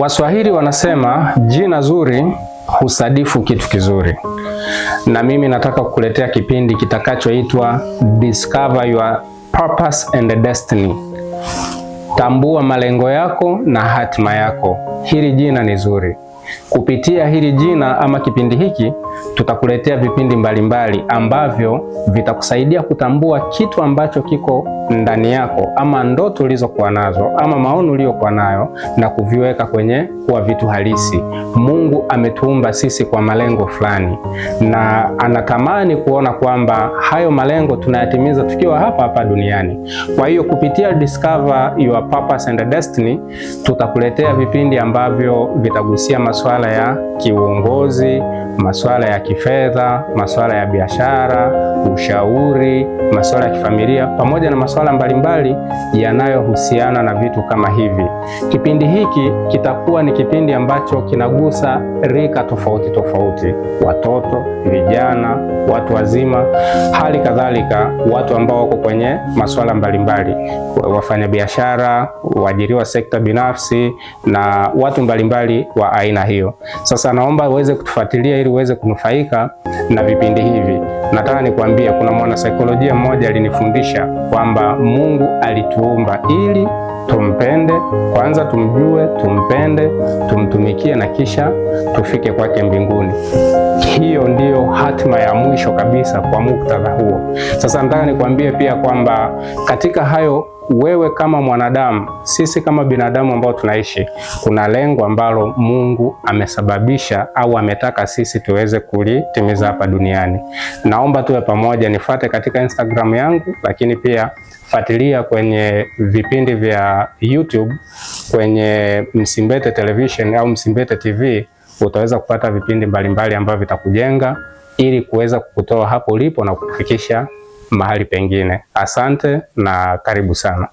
Waswahili wanasema jina zuri husadifu kitu kizuri, na mimi nataka kukuletea kipindi kitakachoitwa Discover Your Purpose and Destiny, tambua malengo yako na hatima yako. Hili jina ni zuri. Kupitia hili jina ama kipindi hiki tutakuletea vipindi mbalimbali mbali ambavyo vitakusaidia kutambua kitu ambacho kiko ndani yako ama ndoto ulizokuwa nazo ama maono uliyokuwa nayo na kuviweka kwenye kuwa vitu halisi. Mungu ametuumba sisi kwa malengo fulani, na anatamani kuona kwamba hayo malengo tunayatimiza tukiwa hapa hapa duniani. Kwa hiyo kupitia Discover Your Purpose and Destiny tutakuletea vipindi ambavyo vitagusia masuala ya kiuongozi, masuala ya kifedha, masuala ya biashara, ushauri, masuala ya kifamilia pamoja na masuala mbalimbali yanayohusiana na vitu kama hivi. Kipindi hiki kitakuwa ni kipindi ambacho kinagusa rika tofauti tofauti, watoto, vijana, watu wazima, hali kadhalika watu ambao wako kwenye masuala mbalimbali, wafanyabiashara, waajiriwa sekta binafsi na watu mbalimbali wa aina hiyo. Sasa naomba uweze kutufuatilia ili uweze kunufaika na vipindi hivi. Nataka nikwambie kuna mwanasaikolojia mmoja alinifundisha kwamba Mungu alituumba ili tumpende kwanza, tumjue, tumpende, tumtumikie na kisha tufike kwake mbinguni hiyo ndiyo hatima ya mwisho kabisa kwa muktadha huo. Sasa nataka nikwambie pia kwamba katika hayo wewe kama mwanadamu, sisi kama binadamu ambao tunaishi, kuna lengo ambalo Mungu amesababisha au ametaka sisi tuweze kulitimiza hapa duniani. Naomba tuwe pamoja, nifuate katika Instagram yangu, lakini pia fuatilia kwenye vipindi vya YouTube kwenye Msimbete Television au Msimbete TV utaweza kupata vipindi mbalimbali ambavyo vitakujenga ili kuweza kukutoa hapo ulipo na kukufikisha mahali pengine. Asante na karibu sana.